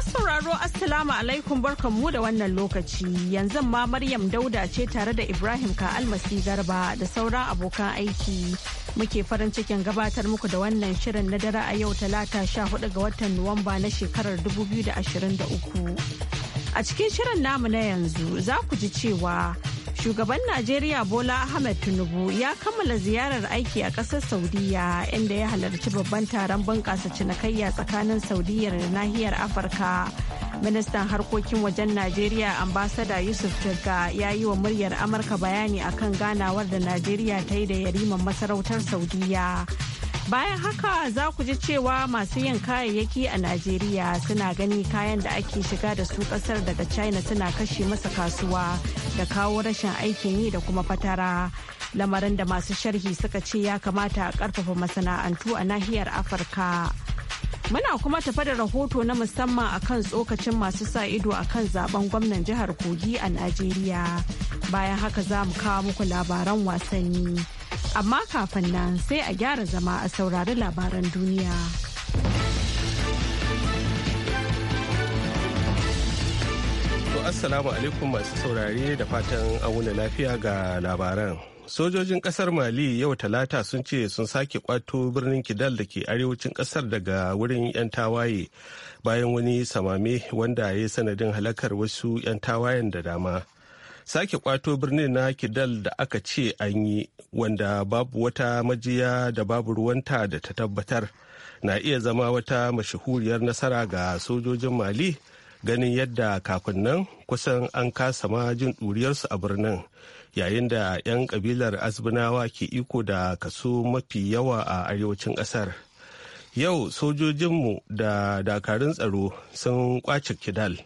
Masu sauraro Assalamu alaikum barkanmu da wannan lokaci yanzu ma Maryam Dauda ce tare da Ibrahim ka almasi Garba da sauran abokan aiki muke farin cikin gabatar muku da wannan shirin na dare a yau talata 14 ga watan Nuwamba na shekarar 2023. A cikin shirin namu na yanzu za ku ji cewa Shugaban Najeriya Bola Ahmed Tinubu ya kammala ziyarar aiki a ƙasar Saudiya inda ya halarci babban taron bunƙasa cinikayya tsakanin Saudiya da nahiyar Afirka. Ministan harkokin wajen Najeriya ambasada Yusuf Jirga ya yi wa muryar Amurka bayani akan ganawar da Najeriya ta yi da yariman masarautar Saudiya. bayan haka za ku ji cewa masu yin kayayyaki a najeriya suna gani kayan da ake shiga da su kasar daga china suna kashe masa kasuwa da kawo rashin aikin yi da kuma fatara lamarin da masu sharhi suka ce ya kamata a karfafa masana'antu a nahiyar afirka muna kuma tafa da rahoto na musamman a kan tsokacin masu sa ido a kan zaben gwamnan jihar kogi a najeriya bayan haka za mu kawo muku labaran wasanni. Amma kafin nan sai a gyara zama a saurari labaran duniya. Assalamu alaikum masu saurare da fatan wuni lafiya ga labaran. Sojojin kasar Mali yau talata sun ce sun sake kwato birnin Kidal da ke arewacin kasar daga wurin 'yan tawaye bayan wani samame wanda ya sanadin halakar wasu 'yan tawayen da dama. sake kwato birnin na kidal da aka ce an yi wanda babu wata majiya da babu ruwanta da ta tabbatar na iya zama wata mashahuriyar nasara ga sojojin mali ganin yadda kafin nan kusan an kasa ma jin ɗuriyarsu a birnin yayin da 'yan kabilar azbinawa ke iko da kaso mafi yawa a arewacin ƙasar yau sojojinmu da dakarun tsaro sun kwace kidal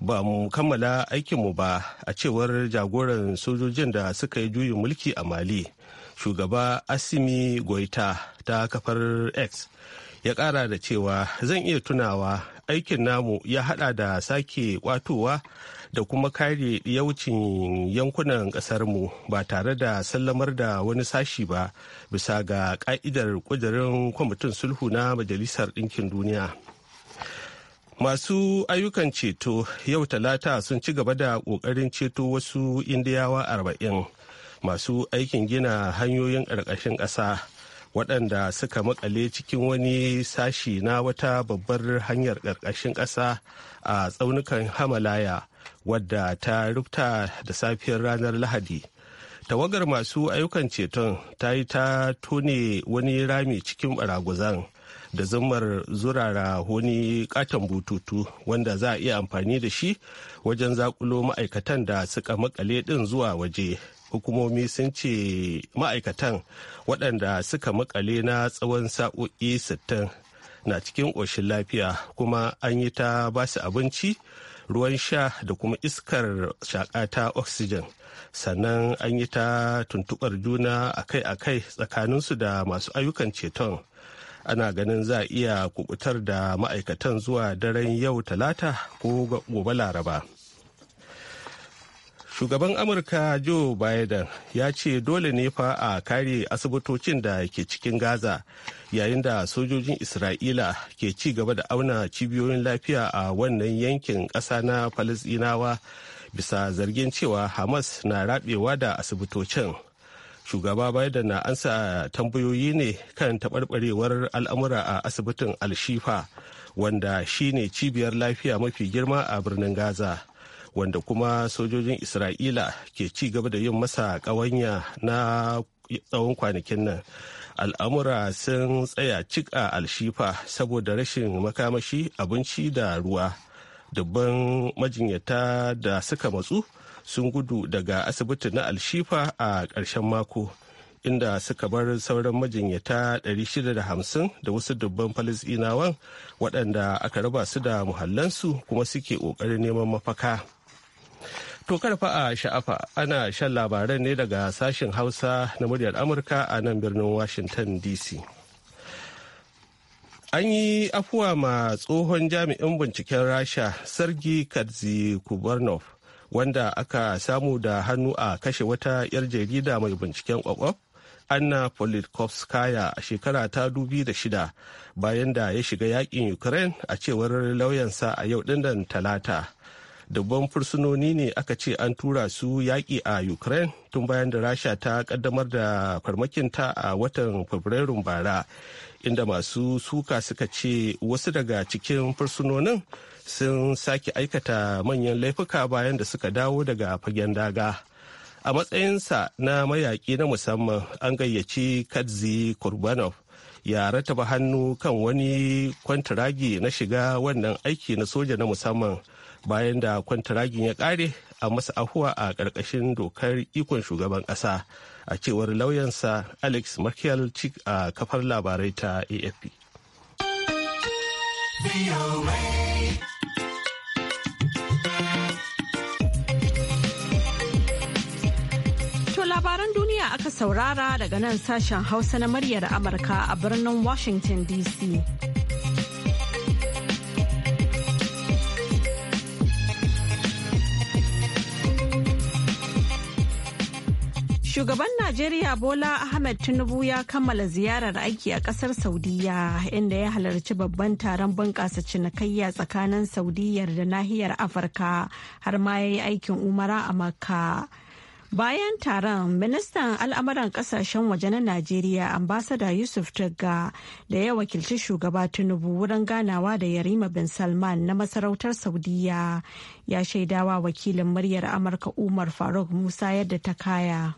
ba mu kammala aikinmu ba a cewar jagoran sojojin da suka yi juyin mulki a mali shugaba asimi goita ta kafar x ya kara da cewa zan iya tunawa aikin namu ya hada da sake kwatowa da kuma kare yaucin yankunan mu ba tare da sallamar da wani sashi ba bisa ga ka'idar kudurin kwamitin sulhu na majalisar ɗinkin duniya masu ayyukan ceto yau talata sun ci gaba da ƙoƙarin ceto wasu indiyawa arba'in masu aikin gina hanyoyin ƙarƙashin ƙasa waɗanda suka makale cikin wani sashi na wata babbar hanyar ƙarƙashin ƙasa a tsaunukan hamalaya wadda ta rufta da safiyar ranar lahadi tawagar masu ayyukan ceton ta yi ta tone wani rami cikin baraguzan da zumar zurara wani katon bututu wanda za a iya amfani da shi wajen zakulo ma'aikatan da suka makale din zuwa waje hukumomi sun ce ma'aikatan waɗanda suka makale na tsawon sa'o'i 60 na cikin ƙoshin lafiya kuma an yi ta basu abinci ruwan sha da kuma iskar shaƙa ta oxygen sannan an yi ta tuntuɓar juna akai-akai tsakaninsu da masu ayyukan ceton ana ganin za a iya kubutar da ma'aikatan zuwa daren yau talata ko gobe laraba shugaban amurka joe biden ya ce dole ne fa a kare asibitocin da ke cikin gaza yayin da sojojin isra'ila ke ci gaba da auna cibiyoyin lafiya a wannan yankin ƙasa na falasɗinawa bisa zargin cewa hamas na rabewa da asibitocin shugaba biden na ansa tambayoyi ne kan taɓarɓarewar al'amura a asibitin alshifa wanda shine cibiyar lafiya mafi girma a birnin gaza wanda kuma sojojin isra'ila ke ci gaba da yin masa ƙawanya na tsawon kwanakin nan al'amura sun tsaya cik a alshifa saboda rashin makamashi abinci da ruwa dubban majinyata da suka matsu sun gudu daga asibiti na alshifa a ƙarshen mako inda suka bar sauran majinyata 650 da wasu dubban falisdinawan waɗanda aka raba su da muhallansu kuma suke ƙoƙarin neman mafaka to karfa a sha'afa ana shan labaran ne daga sashen hausa na muryar amurka a nan birnin washington dc an yi afuwa ma tsohon jami'in binciken rasha sergi kadzi kubarnov wanda aka samu da hannu a kashe wata 'yar jarida mai binciken kwakwaf anna politkovskaya a shekara ta shida bayan da ya shiga yakin ukraine a cewar lauyansa a yau dinnan talata dubban fursunoni ne aka ce an tura su yaƙi a ukraine tun bayan da rasha ta kaddamar da farmakinta a watan fabrairun bara inda masu suka suka ce wasu daga cikin fursunonin sun sake aikata manyan laifuka bayan da suka dawo daga fagen daga a matsayinsa na mayaƙi na musamman an gayyaci katzi kurbanov ya rataba hannu kan wani kwantiragi na shiga wannan aiki na soja na musamman bayan da kwantaragin ya kare a masa ahuwa a ƙarƙashin dokar ikon shugaban ƙasa a cewar lauyansa alex merkel cik a kafar labarai ta afp To labaran duniya aka saurara daga nan sashen hausa na muryar amurka a birnin washington dc Shugaban Najeriya Bola Ahmed Tinubu ya kammala ziyarar aiki a kasar Saudiya inda ya halarci babban taron bunƙasa cinikayya tsakanin Saudiyyar da nahiyar Afirka har ma ya yi aikin umara a Makka. Bayan taron, ministan al'amuran kasashen waje na Najeriya, ambasada Yusuf Tugga da ya wakilci shugaba Tinubu wurin ganawa da Yarima bin Salman na masarautar Saudiya ya shaidawa wakilin muryar Amurka Umar Faruk Musa yadda ta kaya.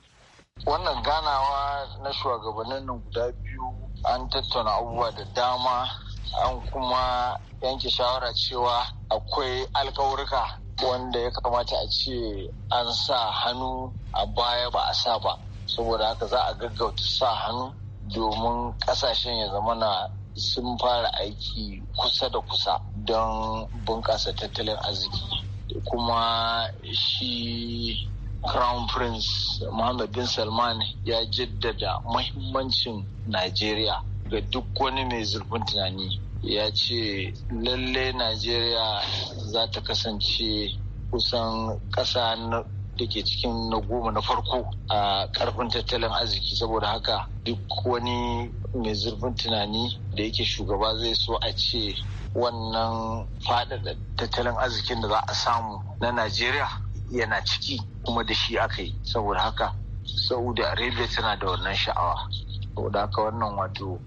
Wannan ganawa na shugabannin nan guda biyu an tattauna abubuwa da dama an kuma yanke shawara cewa akwai alkawurka wanda ya kamata a ce an sa hannu a baya ba a sa ba saboda haka za a gaggauta sa hannu domin kasashen ya zama na sun fara aiki kusa da kusa don bunƙasa tattalin arziki kuma shi crown prince Mohammed bin salman ya jaddada muhimmancin najeriya ga duk wani mai zurfin tunani ya ce lalle najeriya za ta kasance kusan ƙasa da ke cikin na goma na farko a ƙarfin tattalin arziki saboda haka duk wani mai zurfin tunani da yake shugaba zai so a ce wannan faɗaɗa tattalin arzikin da za a samu na najeriya yana ciki kuma da shi aka yi saboda haka saudi arabia tana da wannan sha'awa saboda haka wannan wato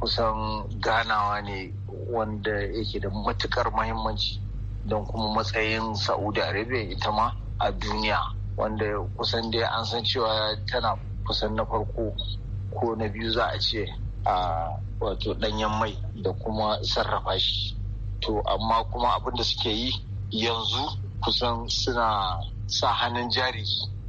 kusan ganawa ne wanda yake da matukar mahimmanci don kuma matsayin saudi arabia ita ma a duniya wanda kusan dai an san cewa tana kusan na farko ko na biyu za a ce a wato danyen mai da kuma sarrafa shi to amma kuma abin da suke yi yanzu kusan suna sa hannun jari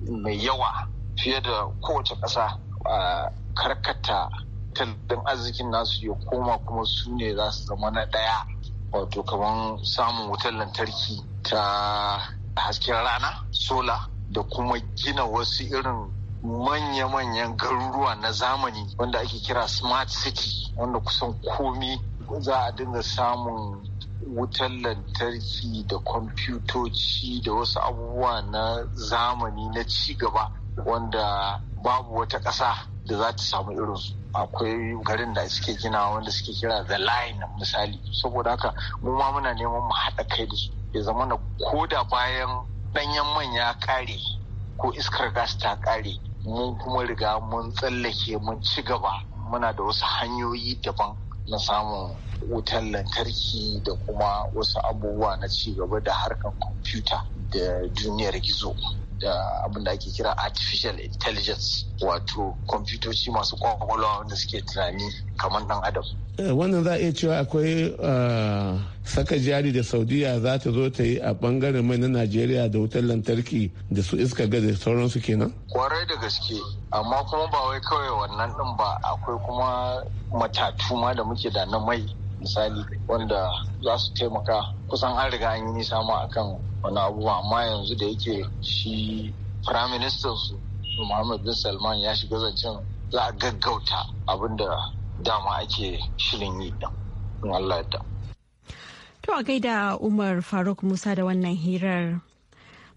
mai yawa fiye da kowace ƙasa a karkata tattalin arzikin nasu ya koma kuma su ne za su zama na ɗaya wato kamar samun wutar lantarki ta hasken rana sola da kuma gina wasu irin manya-manyan garuruwa na zamani wanda ake kira smart city wanda kusan komi za a dinga samun wutar lantarki da kwamfutoci da wasu abubuwa na zamani na ci gaba wanda babu wata ƙasa da za ta samu irinsu akwai garin da suke gina wanda suke kira the line misali saboda haka mu ma muna neman mu haɗa kai da su ya zama na koda bayan ɗanyen man ya ƙare ko iskar gas ta ƙare mun kuma riga mun tsallake mun ci gaba muna da wasu hanyoyi daban na samun wutar lantarki da kuma wasu abubuwa na ci gaba da harkar kwamfuta da duniyar gizo da abin da ake kira artificial intelligence wato kwamfutoci masu kwakwalwa wanda suke tunani kamar dan adam eh, wannan za a iya cewa akwai ah, saka jari da saudiya za ta zo ta yi a bangaren mai na najeriya da wutar lantarki da su iska ga da sauransu kenan kwarai da gaske amma kuma ba wai kawai wannan din ba akwai kuma matatu ma da muke da na mai misali wanda za su taimaka kusan an riga an yi nisa ma akan wani abubuwa amma yanzu da yake shi prime minister su Muhammad bin Salman ya shiga zancen za a gaggauta abinda dama ake shirin yi da in Allah ya To a gaida Umar Faruk Musa da wannan hirar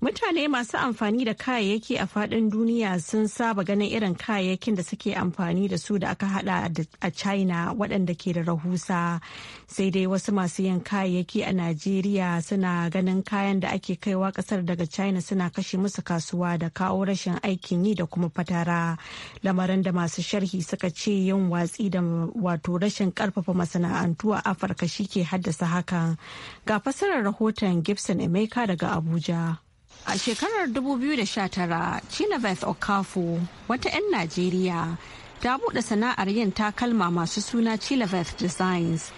Mutane masu amfani da kayayyaki a fadin duniya sun saba ganin irin kayayyakin da suke amfani da su da aka hada a China waɗanda ke da rahusa. Sai dai wasu masu yin kayayyaki a Najeriya suna ganin kayan da ake kaiwa ƙasar daga China suna kashe musu kasuwa da kawo rashin aikin yi da kuma fatara. Lamarin da masu sharhi suka ce yin watsi da wato rashin karfafa masana'antu a Afirka shi ke haddasa hakan. Ga fassarar rahoton Gibson Emeka daga Abuja. A shekarar 2019, Chinabeth Okafo wata 'yan Najeriya, ta buɗe sana'ar yin takalma masu suna Chinabeth Designs.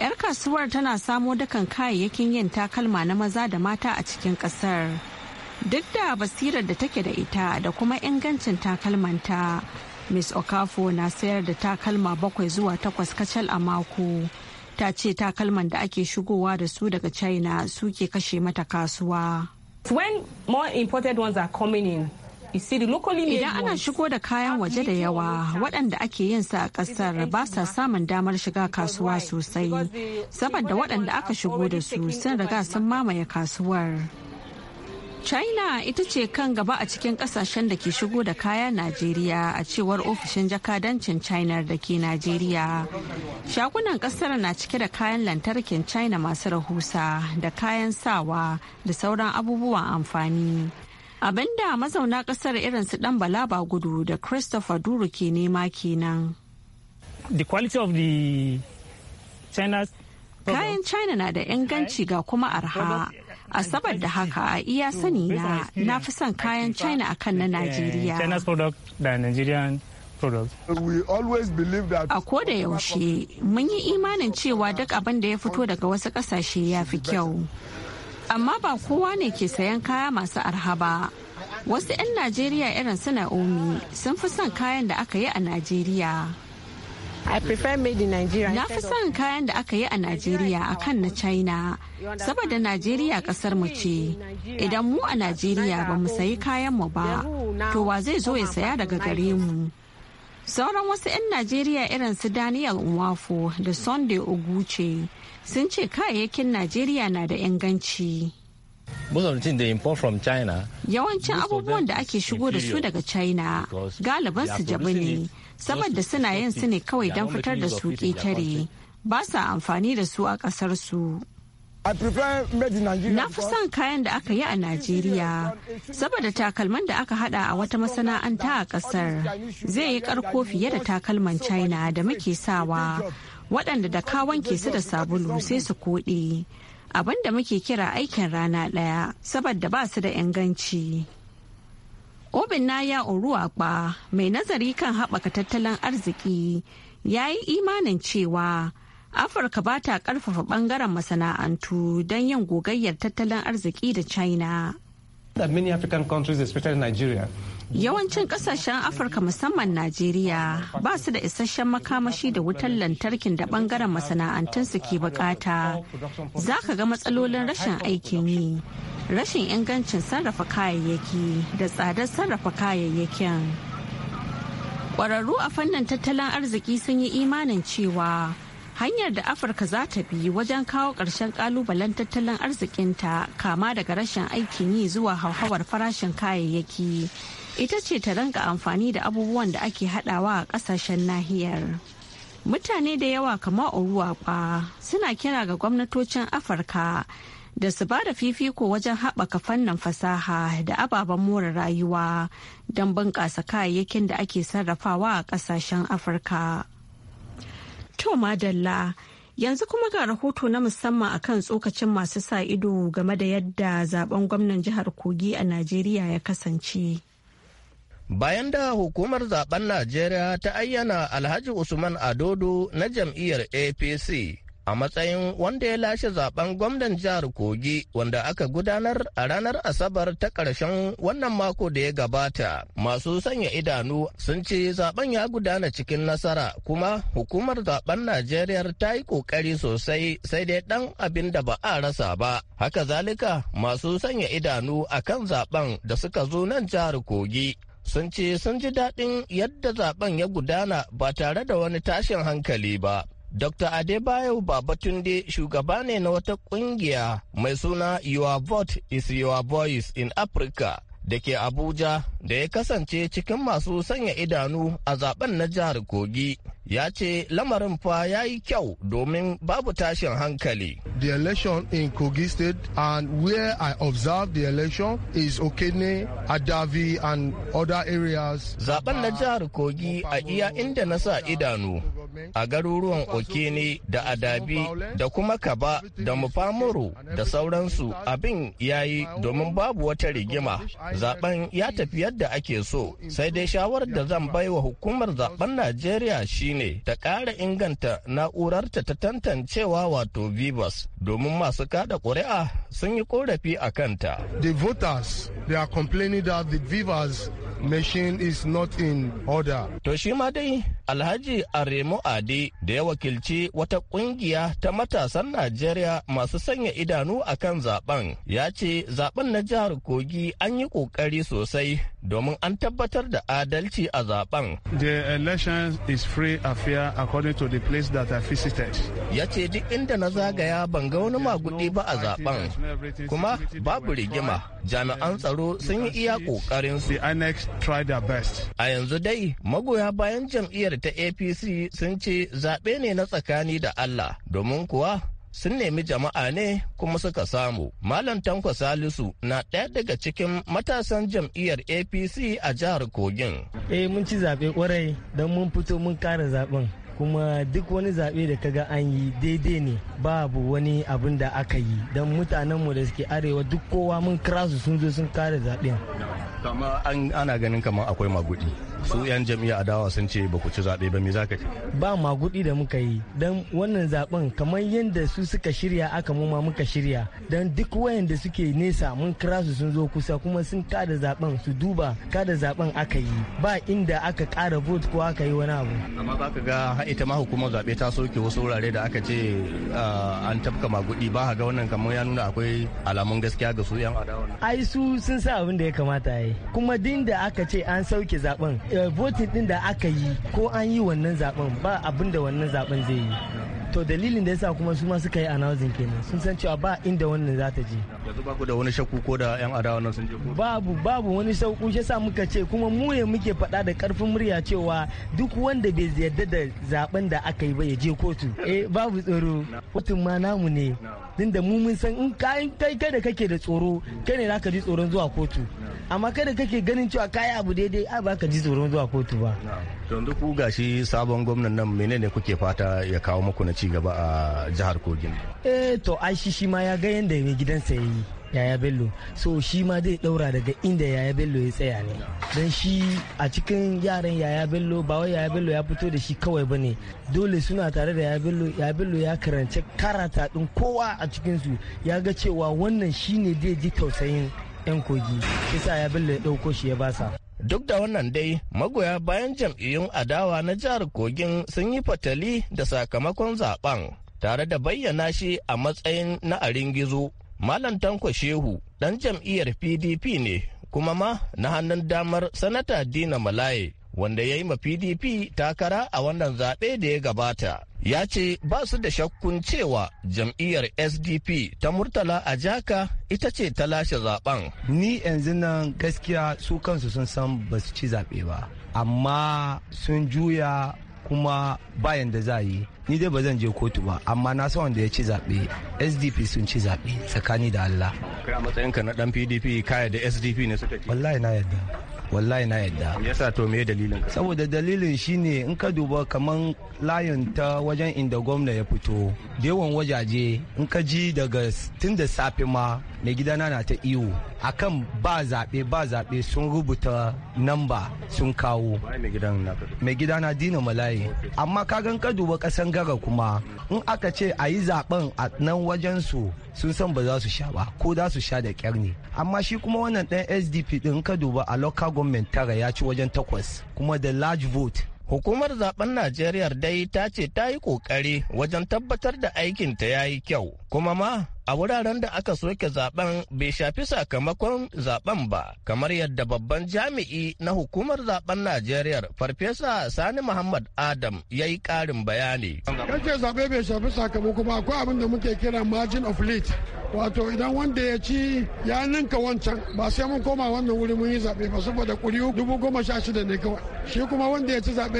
'Yar kasuwar tana samo dukan kayayyakin yin takalma na maza da mata a cikin ƙasar. Duk da basirar da take da ita da kuma ingancin takalmanta, Miss Okafo na sayar da takalma bakwai zuwa takwas kacal a mako. Ta ce takalman da ake shigowa da su daga China suke kashe mata kasuwa. When more imported ones are coming in, Idan ana shigo da kayan waje da yawa waɗanda ake yin su a ƙasar ba sa samun damar shiga kasuwa sosai, saboda waɗanda aka shigo da su sun riga sun mamaye kasuwar. China ita ce kan gaba a cikin kasashen da ke shigo da kaya Najeriya a cewar ofishin jakadancin China da ke Najeriya. Shagunan kasar na cike da kayan lantarkin China masu rahusa da kayan sawa da sauran abubuwan amfani. Abinda mazauna kasar irin su dan balaba gudu da Christopher Duru ke nema kenan. Kayan China na da inganci ga kuma arha. a sabar da haka a iya sani na na fi son kayan china akan na eh, najeriya A koda yaushe mun yi imanin cewa duk abin da ya fito daga wasu ƙasashe ya fi kyau. Amma ba kowa ne ke sayan kaya masu arha ba. Wasu 'yan Najeriya irin su Naomi sun fi son kayan da aka yi a Najeriya. I prefer Na fi son kayan da aka yi a Najeriya a kan na China. Saboda Najeriya kasar mu ce. Idan mu a Najeriya ba mu sayi kayan mu ba, to wa zai zo ya saya daga gare mu. Sauran wasu 'yan Najeriya irin su Daniel Nwafo da Sunday Oguche sun ce kayayyakin Najeriya na da inganci. Yawancin abubuwan da ake shigo da su daga China galibansu jabi ne saboda suna yin su ne kawai don fitar da su ƙetare ba sa amfani da su a ƙasar su. Na fi son kayan da aka yi a Najeriya, saboda takalman da aka hada a wata masana'anta a ƙasar zai yi ƙarko fiye da takalman China da muke sawa, waɗanda da kawon ke su da sabulu sai su koɗe. Abin da muke kira aikin rana ɗaya, saboda ba su da inganci. na ya Obinaya ba mai nazari kan haɓaka tattalin arziki ya yi imanin cewa Afirka ba ta ƙarfafa ɓangaren masana'antu don yin gogayyar tattalin arziki da China. many African countries, Yawancin kasashen Afirka musamman Najeriya ba su da isasshen makamashi da wutar lantarkin da bangaren masana'antunsu ke bukata. Za ka ga matsalolin rashin aikin yi, rashin ingancin sarrafa kayayyaki da tsadar sarrafa kayayyakin. Kwararru a fannin tattalin arziki sun yi imanin cewa hanyar da afirka za ta bi wajen kawo ƙarshen ƙalubalen tattalin arzikinta kama daga rashin aikin yi zuwa hauhawar farashin kayayyaki ita ce ta ranka amfani da abubuwan da ake hadawa a kasashen nahiyar. Mutane da yawa kama ba suna kira ga gwamnatocin Afirka da su ba da fifiko wajen haɓaka fannin fasaha da ababen more rayuwa don bunƙasa kayayyakin da ake sarrafawa a ƙasashen Afirka. To Madalla, yanzu kuma ga rahoto na musamman akan tsokacin masu sa ido game da yadda zaben gwamnan jihar Kogi a Najeriya ya kasance. Bayan da hukumar zaben Najeriya ta ayyana Alhaji Usman Adodo na jam'iyyar APC a matsayin wanda ya lashe zaben gwamnan jihar Kogi wanda aka gudanar a ranar Asabar ta ƙarshen wannan mako da ya gabata. Masu sanya idanu sun ce zaben ya gudana cikin nasara kuma hukumar zaben Najeriya ta yi ƙoƙari sosai sai dai ɗan abin da ba a rasa ba. Haka zalika masu sanya idanu a kan zaben da suka zo nan jihar Kogi sun ce sun ji daɗin yadda zaben ya gudana ba tare da wani tashin hankali ba. Dr. Adebayo Babatunde shugaba ne na wata ƙungiya. mai suna Your Vote is Your Voice in Africa da ke Abuja da ya kasance cikin masu sanya idanu a zaben na jihar Kogi ya ce lamarin fa ya yi kyau domin babu tashin hankali. The election in Kogi state and where I observe the election is Okene, Adavi and other areas. Zaben na jihar Kogi a iya inda na sa idanu a garuruwan okene da adabi da kuma kaba da mufamuru da sauransu abin ya yi domin babu wata rigima zaben ya tafi yadda ake so sai dai shawarar da zan bai wa hukumar zaben najeriya shine ta ƙara inganta na'urarta ta tantancewa wato vivas domin masu kada ƙuri'a sun yi korafi a kanta the voters they are complaining that the vivas machine is not in order to shi ma dai Alhaji Aremu Ade da ya wakilci wata kungiya ta matasan Najeriya masu sanya idanu a kan zaben ya ce zaben na jihar Kogi an yi kokari sosai domin an tabbatar da adalci a zaben. The election is free and fair according to the place that I visited. Ya ce duk inda na zagaya ban ga wani magudi ba a zaben kuma babu rigima jami'an tsaro sun yi iya kokarin su. A yanzu dai magoya bayan jam'iyyar ta apc sun ce zaɓe ne na tsakani da allah domin kuwa sun nemi jama'a ne kuma suka samu. Malam Tanko Salisu na ɗaya daga cikin matasan jam'iyyar APC a jihar Kogin. Eh mun ci zaɓe ƙwarai don mun fito mun kare zaɓen. kuma duk wani zaɓe da kaga an yi daidai ne babu wani abin da aka yi don mutanenmu da suke arewa duk kowa mun kira su sun zo sun kare zaɓen. kama ana ganin kamar akwai magudi su 'yan jam'iyya adawa sun ce ba ku ci zaɓe ba me za ka ce ba magudi da muka yi don wannan zaben kamar yadda su suka shirya aka mu ma muka shirya don duk wayanda suke nesa mun kira su sun zo kusa kuma sun kada zaben su duba kada zaben aka yi ba inda aka kara vote ko aka yi wani abu amma ba ka ga ita ma hukumar zaɓe ta soke wasu wurare da aka ce an tafka magudi ba ga wannan kamar ya nuna akwai alamun gaskiya ga su 'yan adawa ai su sun sa abin da ya kamata yi kuma din da aka ce an sauke zaben Eh, voting din da aka yi ko an yi wannan zaben ba abin da wannan zaben zai yi to dalilin da yasa kuma su ma suka yi announcing kenan sun san cewa ba inda wannan za ta je yanzu ba ku da wani shakku ko da yan adawa nan sun je ko babu babu wani shakku shi yasa muka ce kuma mu ne muke faɗa da karfin murya cewa duk wanda bai ziyarda da zaben da aka yi ba ya je kotu eh babu tsoro kotun ma namu ne da mu mun san in kai kai da kake da tsoro kai ne zaka ji tsoron zuwa kotu amma kai da kake ganin cewa kai abu daidai ba ka ji tsoron zuwa kotu ba yanzu ku gashi sabon gwamnan nan menene kuke fata ya kawo muku na ci gaba a jihar kogin eh to ai shi shi ma ya ga yanda mai gidansa ya yi yaya bello so shi ma zai daura daga inda yaya bello ya tsaya ne don shi a cikin yaran yaya bello ba wai yaya bello ya fito da shi kawai ba ne dole suna tare da yaya bello yaya bello ya karanci karata din kowa a cikinsu ya ga cewa wannan shi ne zai ji tausayin yan kogi shi sa yaya bello ya dauko shi ya basa duk da wannan dai magoya bayan jam'iyyun adawa na jihar kogin sun yi fatali da sakamakon zaben tare da bayyana shi a matsayin na arin gizo malam tanko shehu ɗan jam'iyyar pdp ne kuma ma na hannun damar sanata dina malaye wanda ya yi ma pdp takara a wannan zaɓe da ya gabata ya ce ba su da shakkun cewa jam'iyyar sdp ta murtala a jaka ita ce ta lashe zaɓen. ni yanzu nan gaskiya su kansu sun san ba su ci zaɓe ba amma sun juya kuma bayan da za yi ni dai ba zan je kotu ba amma na san wanda ya ci zaɓe sdp sun ci zaɓe tsakani da allah kai a matsayinka na dan pdp kaya da sdp ne suka ci wallahi na yarda wallahi na yadda yasa to me dalilin saboda dalilin shine in ka duba kaman layin ta wajen inda gwamna ya fito yawan wajaje in ka ji daga tun da safe ma mai gidana na ta iyo akan ba zaɓe ba zaɓe sun rubuta namba sun kawo mai gidana dina malayi amma kagan ka duba kasan gara kuma in aka ce a yi zaɓen a nan wajen su sun san ba za su sha ba ko za su sha da kyar ne amma shi kuma wannan ɗan sdp ɗin ka duba a local government tara ya ci wajen takwas kuma da large vote Hukumar zaben Najeriya dai ta ce ta yi ƙoƙari wajen tabbatar da aikinta ya yi kyau, kuma ma a wuraren da aka soke zaben bai shafi sakamakon zaben ba kamar yadda babban jami'i na hukumar zaben najeriya farfesa sani muhammad adam ya yi karin bayani kace zaɓe bai shafi sakamako ba akwai abin da muke kira margin of lead wato idan wanda ya ci ya ninka wancan ba sai mun koma wannan wuri mun yi zaɓe ba saboda ƙuri'u dubu goma sha shida ne kawai shi kuma wanda ya ci zaɓe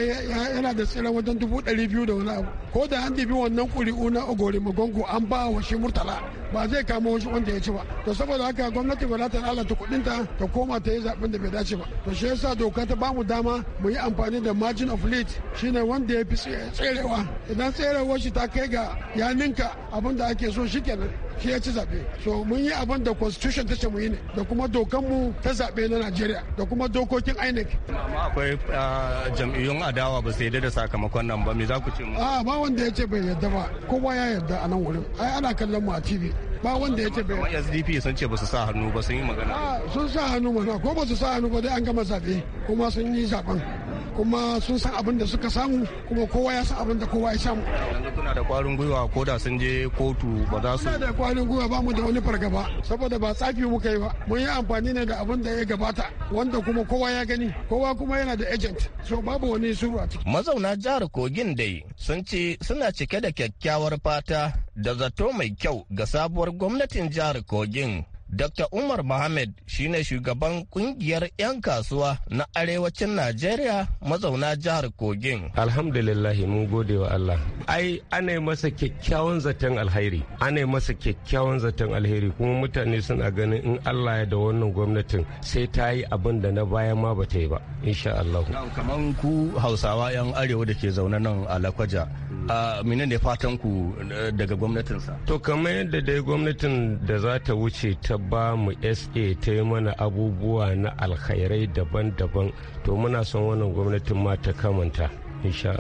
yana da tsira wajen dubu ɗari biyu da wani abu ko da an dibi wannan ƙuri'u na ogori magongo an ba wa shi murtala ba zai kama wasu wanda ya ci ba to saboda haka gwamnati ba za ta lalata kuɗin ta ta koma ta yi zaɓen da bai dace ba to shi yasa doka ta bamu dama mu yi amfani da margin of lead shine wanda ya fi tserewa idan tserewar shi ta kai ga yaninka ninka abin da ake so shikenan shi ya ci zaɓe so mun yi abin da constitution ta ce mu yi ne da kuma dokanmu ta zaɓe na najeriya da kuma dokokin inec amma akwai ah, jam'iyyun adawa ba su yarda da sakamakon nan ba me za ku ce mu a ah, ba wanda ya ce bai yarda ba kowa ya yarda a nan wurin ai ana kallon mu a tv ba wanda ya ce bai yarda sdp sun ce ba su sa hannu ba sun yi magana ah, sun sa hannu mana ko ba su sa hannu ba dai an gama zaɓe kuma sun yi zaɓen kuma sun san abin da suka samu kuma kowa ya san abin da kowa ya samu yanzu kuna da kwarin gwiwa ko da sun je kotu ba za su da kwarin gwiwa ba mu da wani fargaba saboda ba tsafi muka yi ba mun yi amfani ne da abin da ya gabata wanda kuma kowa ya gani kowa kuma yana da agent so babu wani sura mazauna jihar kogin dai sun ce suna cike da kyakkyawar fata da zato mai kyau ga sabuwar gwamnatin jihar kogin Dr. Umar shi shine shugaban kungiyar 'yan kasuwa na arewacin Najeriya mazauna jihar Kogin. Alhamdulillahi mun gode wa Allah. Ai ana masa kyakkyawan zaton alheri. Ana masa kyakkyawan zaton alheri kuma mutane suna ganin in Allah ya da wannan gwamnatin sai ta yi abin da na baya ma ba ta yi ba. Insha Allah. Kamar ku Hausawa 'yan arewa da ke zaune nan a Lakwaja. a minan ya fatan ku eh, daga gwamnatinsa to kamar yadda dai gwamnatin da za ta wuce ta ba mu sa ta yi mana abubuwa na alkhairai daban-daban to muna son wannan gwamnatin ma ta kamanta insha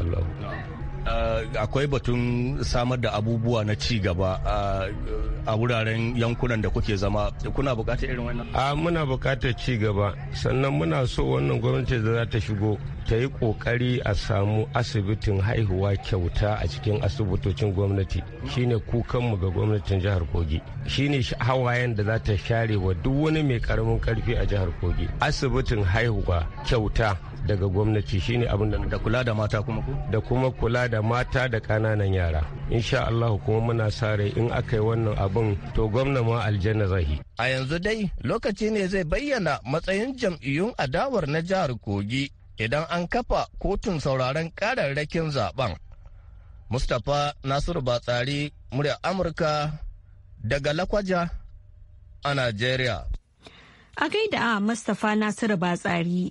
Uh, akwai batun samar da abubuwa na ci gaba uh, a wuraren yankunan da kuke zama kuna bukatar irin wannan a muna bukatar ci gaba sannan muna so wannan gwamnati da za ta shigo ta yi kokari a samu asibitin haihuwa kyauta a cikin asibitocin gwamnati shine kukanmu ga gwamnatin jihar kogi shine hawayen da za ta share wa duk wani mai karamin karfi a jihar kogi asibitin haihuwa kyauta daga gwamnati shine abin da da kula da mata kuma ko da kuma kula da mata da kananan yara insha Allah kuma muna sa rai in aka yi wannan abin to gwamna ma aljanna zahi a yanzu dai lokaci ne zai bayyana matsayin jam'iyyun adawar na jihar Kogi idan an kafa kotun sauraron kararrakin zaben Mustapha Nasiru Batsari murya Amurka daga Lakwaja a Najeriya. A gaida Mustapha Nasiru Batsari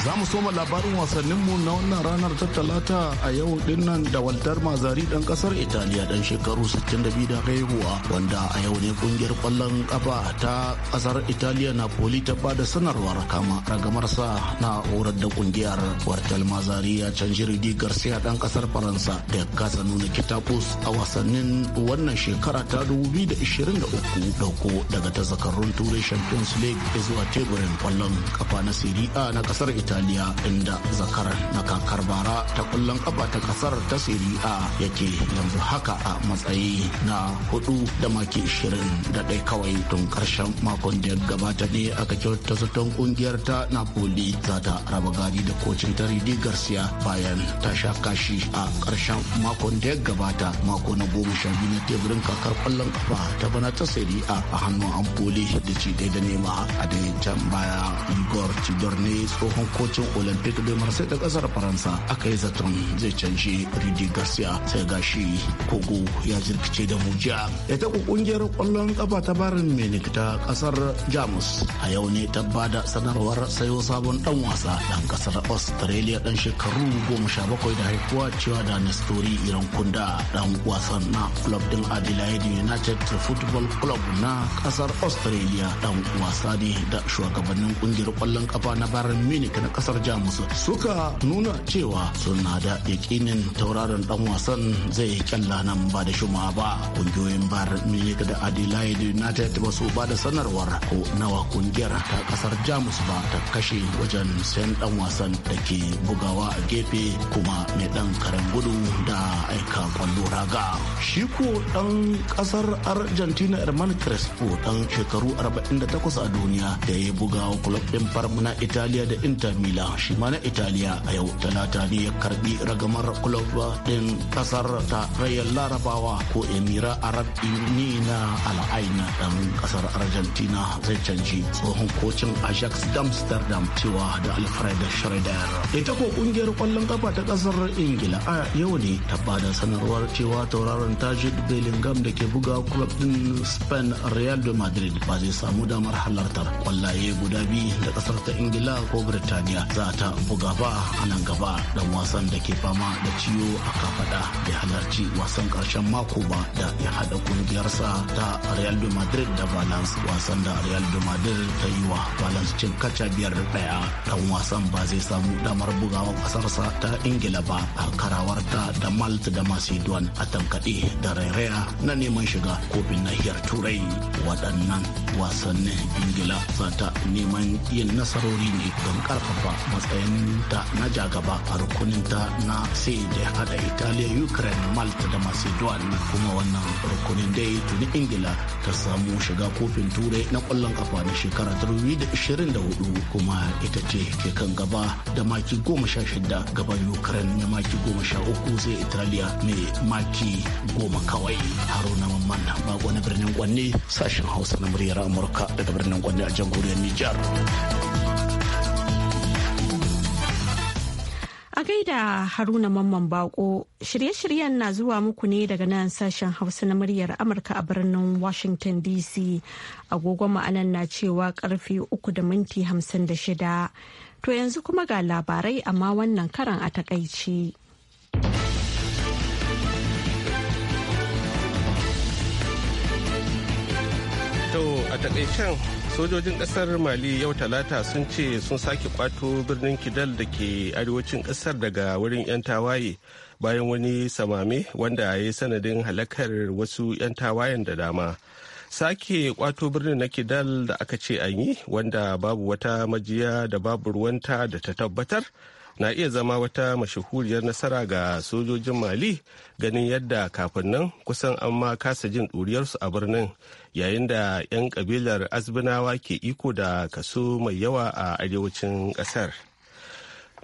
Za mu soma labarin wasanninmu na wannan ranar ta talata a yau dinnan da Walter Mazari dan kasar Italiya dan shekaru 62 da haihuwa wanda a yau ne kungiyar kwallon kafa ta kasar Italiya Napoli ta bada sanarwar kama ragamarsa na horar da kungiyar. Walter Mazari ya canji Rudi Garcia dan kasar Faransa da kasa nuna kitakus a wasannin wannan shekara ta 2023 dauko daga tazakarun Turai Champions League zuwa teburin kwallon kafa na Serie A na kasar Italiya. italiya inda zakar na kakar bara ta kullon kafa ta kasar ta siri a yake yanzu haka a matsayi na hudu da maki 20 da ɗai kawai tun karshen makon da ya gabata ne aka kyauta zaton kungiyar ta napoli za ta raba gari da kocin ta ridi garcia bayan ta sha kashi a karshen makon da ya gabata mako na goma sha biyu na teburin kakar kwallon kafa ta bana ta siri a hannun ampoli da ci da nema a da can baya igor tudor ne tsohon kocin olympic de marseille da kasar faransa aka yi zaton zai canji rudy garcia sai gashi kogo ya zirkice da mujiya ya taku kungiyar kwallon kafa ta barin munich ta kasar jamus a yau ne ta bada sanarwar sayo sabon dan wasa dan kasar australia dan shekaru goma sha bakwai da haihuwa cewa da nestori iran kunda dan wasan na club din adelaide united football club na kasar australia dan wasa ne da shugabannin kungiyar kwallon kafa na barin munich na kasar jamus suka nuna cewa suna da yakinin tauraron dan wasan zai kyalla nan ba da shuma ba kungiyoyin bayar munich da adelaide united ba su ba da sanarwar ko nawa kungiyar ta kasar jamus ba ta kashe wajen sayan dan wasan da ke bugawa a gefe kuma mai dan karen gudu da aika kwallo raga shi ko dan kasar argentina herman crespo dan shekaru 48 a duniya da ya bugawa kulob din farm na italiya da inter mila shi ma na italiya a yau talata ne ya karbi ragamar club din kasar tarayyar larabawa ko emira arab ni na al'aina dan kasar argentina zai canji tsohon kocin ajax amsterdam cewa da alfred schroeder ita ko kungiyar kwallon kafa ta kasar ingila a yau ne ta bada sanarwar cewa tauraron tajid bellingham da ke buga club din spain real de madrid ba zai samu damar halartar kwallaye guda biyu da kasar ta ingila ko britain duniya za ta buga ba a nan gaba dan wasan da ke fama da ciwo a kafada bai halarci wasan karshen mako ba da ya hada kungiyarsa ta Real de Madrid da Valence wasan da Real de Madrid ta yi wa Valence cin kaca biyar daya dan wasan ba zai samu damar bugawa kasarsa ta Ingila ba a karawarta da Malta da Macedon a tankaɗe da rairaya na neman shiga kofin nahiyar Turai waɗannan wasannin Ingila za ta neman yin nasarori ne don ƙarfafa fa matsayin ta na gaba a rukunin ta na sai da hada italiya ukraine malta da macedonia kuma wannan rukunin dai tuni ingila ta samu shiga kofin turai na kwallon kafa na shekara 2024 kuma ita ce ke kan gaba da maki 16 gaban ukraine na maki 13 sai italiya ne maki 10 kawai haruna mamman bago na birnin kwanne sashen hausa na muryar amurka daga birnin kwanne a jamhuriyar nijar A gaida Haruna Mamman Bako, shirye-shiryen na zuwa muku ne daga nan sashen Hausa na muryar Amurka a birnin Washington DC. Agogon ma'anan na cewa karfe uku da minti hamsin da shida. To yanzu kuma ga labarai amma wannan karan a takaici. To a takaicen sojojin kasar mali yau talata sun ce sun sake kwato birnin kidal da ke arewacin kasar daga wurin 'yan tawaye bayan wani samame wanda ya yi sanadin halakar wasu 'yan tawayen da dama sake kwato birnin na kidal da aka ce an yi wanda babu wata majiya da babu ruwanta da ta tabbatar na iya zama wata mashahuriyar nasara ga sojojin mali ganin yadda kafin nan kusan an ma kasa jin ɗuriyarsu a birnin yayin da 'yan kabilar azbinawa ke iko da kaso mai yawa a arewacin ƙasar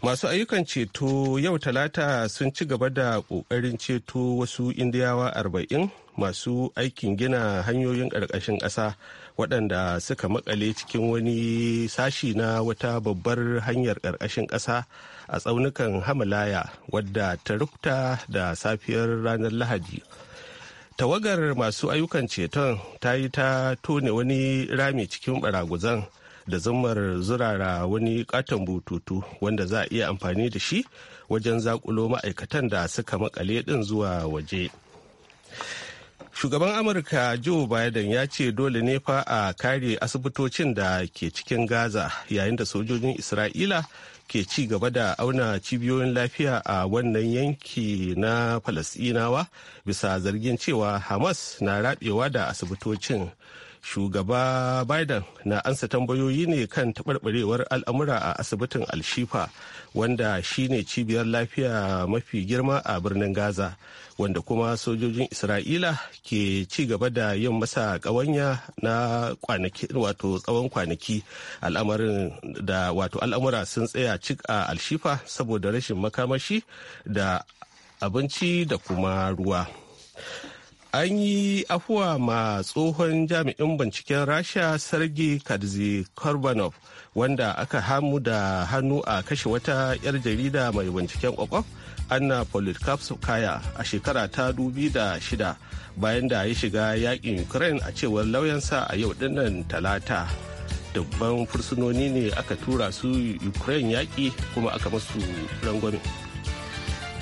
masu ayyukan ceto yau talata sun ci gaba da ƙoƙarin ceto wasu indiyawa arba'in masu aikin gina hanyoyin ƙarƙashin ƙasa waɗanda suka makale cikin wani sashi na wata babbar hanyar ƙarƙashin ƙasa a tsaunukan Hamalaya wadda ta rufta da safiyar ranar Lahadi. Tawagar masu ayyukan ceton ta yi ta tone wani rami cikin baraguzan da zumar zurara wani katon bututu wanda za a iya amfani da shi wajen zakulo ma'aikatan da suka makale din zuwa waje. shugaban amurka joe biden ya ce dole ne fa a kare asibitocin da ke cikin gaza yayin da sojojin isra'ila ke ci gaba da auna cibiyoyin lafiya a wannan yanki na falasinawa bisa zargin cewa hamas na rabewa da asibitocin shugaba biden na ansa tambayoyi ne kan taɓarɓarewar al'amura a asibitin alshifa wanda shine cibiyar lafiya mafi girma a birnin gaza wanda kuma sojojin isra'ila ke ci gaba da yin masa ƙawanya na kwanaki wato tsawon kwanaki al'amarin da wato al'amura sun tsaya cik a alshifa saboda rashin makamashi da abinci da kuma ruwa an yi afuwa ma tsohon jami'in binciken rasha sergei kadzi korbanov wanda aka hamu da hannu a kashe wata 'yar jarida mai binciken kwakwaf anna kaya a shekara ta da shida bayan da ya shiga yakin ukraine a cewar lauyansa a yau dinnan talata dubban fursunoni ne aka tura su ukraine yaƙi kuma aka masu rangwamen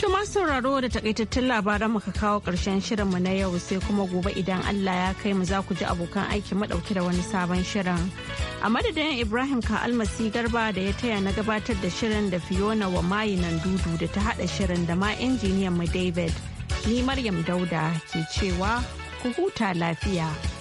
masu sauraro da takaitattun labaran muka kawo ƙarshen shirinmu na yau sai kuma gobe idan Allah ya kai mu za ku ji abokan aiki madauki da wani sabon shirin. A madadin Ibrahim ka almasi garba da ya taya na gabatar da shirin da Fiona wa mayi nan dudu da ta haɗa shirin da ma injiniyan mu David. Ni Maryam Dauda ke cewa ku huta lafiya.